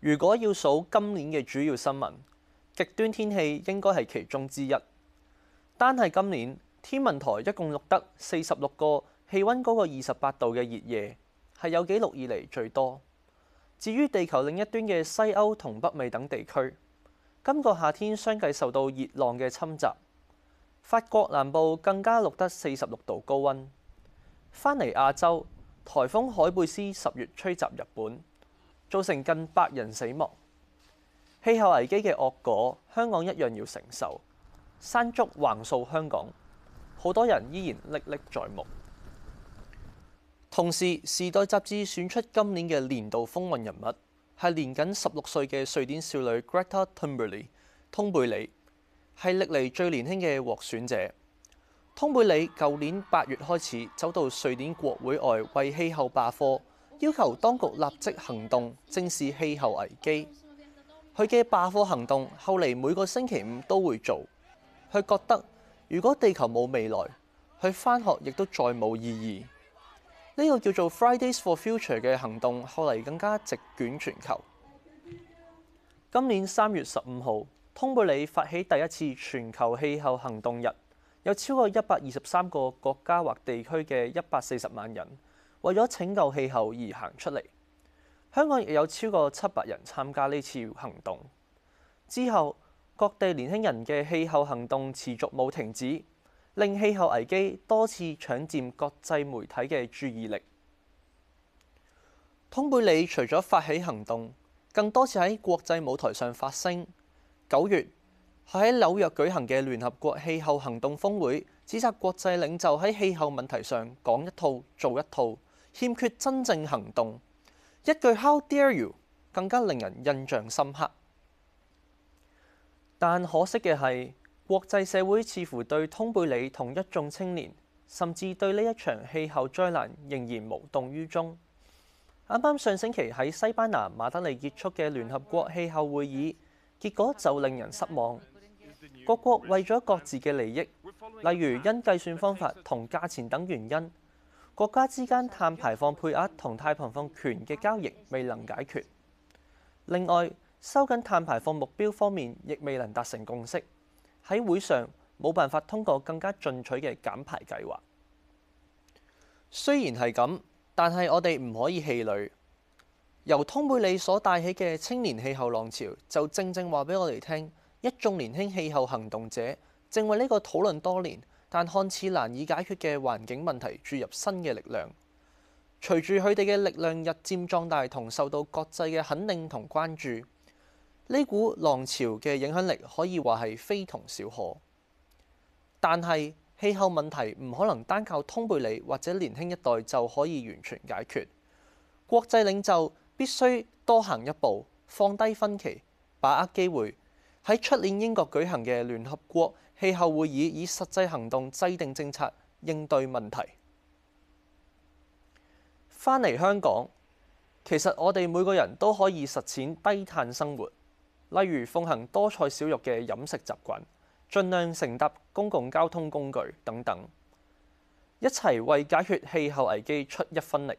如果要數今年嘅主要新聞，極端天氣應該係其中之一。單係今年，天文台一共錄得四十六個氣温高過二十八度嘅熱夜，係有記錄以嚟最多。至於地球另一端嘅西歐同北美等地區，今個夏天相繼受到熱浪嘅侵襲，法國南部更加錄得四十六度高温。翻嚟亞洲，颱風海貝斯十月吹襲日本。造成近百人死亡，氣候危機嘅惡果，香港一樣要承受。山竹橫掃香港，好多人依然歷歷在目。同時，《時代》雜誌選出今年嘅年度風雲人物，係年僅十六歲嘅瑞典少女 Greta Thunberg，通貝里，係歷嚟最年輕嘅獲選者。通貝里舊年八月開始走到瑞典國會外為氣候罷課。要求當局立即行動，正視氣候危機。佢嘅罷課行動後嚟每個星期五都會做。佢覺得如果地球冇未來，佢返學亦都再冇意義。呢、這個叫做 Fridays for Future 嘅行動後嚟更加席捲全球。今年三月十五號，通貝里發起第一次全球氣候行動日，有超過一百二十三個國家或地區嘅一百四十萬人。為咗拯救氣候而行出嚟，香港亦有超過七百人參加呢次行動。之後，各地年輕人嘅氣候行動持續冇停止，令氣候危機多次搶佔國際媒體嘅注意力。通貝里除咗發起行動，更多次喺國際舞台上發聲。九月佢喺紐約舉行嘅聯合國氣候行動峰會，指責國際領袖喺氣候問題上講一套做一套，欠缺真正行動。一句 How dare you 更加令人印象深刻。但可惜嘅係，國際社會似乎對通貝里同一眾青年，甚至對呢一場氣候災難仍然無動於衷。啱啱上星期喺西班牙馬德里結束嘅聯合國氣候會議，結果就令人失望。各國為咗各自嘅利益，例如因計算方法同價錢等原因。國家之間碳排放配額同碳排放權嘅交易未能解決，另外收緊碳排放目標方面亦未能達成共識。喺會上冇辦法通過更加進取嘅減排計劃。雖然係咁，但係我哋唔可以氣餒。由通貝里所帶起嘅青年氣候浪潮，就正正話俾我哋聽：一眾年輕氣候行動者正為呢個討論多年，但看似難以解決嘅環境問題注入新嘅力量，隨住佢哋嘅力量日漸壯大同受到國際嘅肯定同關注，呢股浪潮嘅影響力可以話係非同小可。但係氣候問題唔可能單靠通貝里或者年輕一代就可以完全解決，國際領袖必須多行一步，放低分歧，把握機會。喺出年英國舉行嘅聯合國氣候會議，以實際行動制定政策應對問題。返嚟香港，其實我哋每個人都可以實踐低碳生活，例如奉行多菜少肉嘅飲食習慣，盡量乘搭公共交通工具等等，一齊為解決氣候危機出一分力。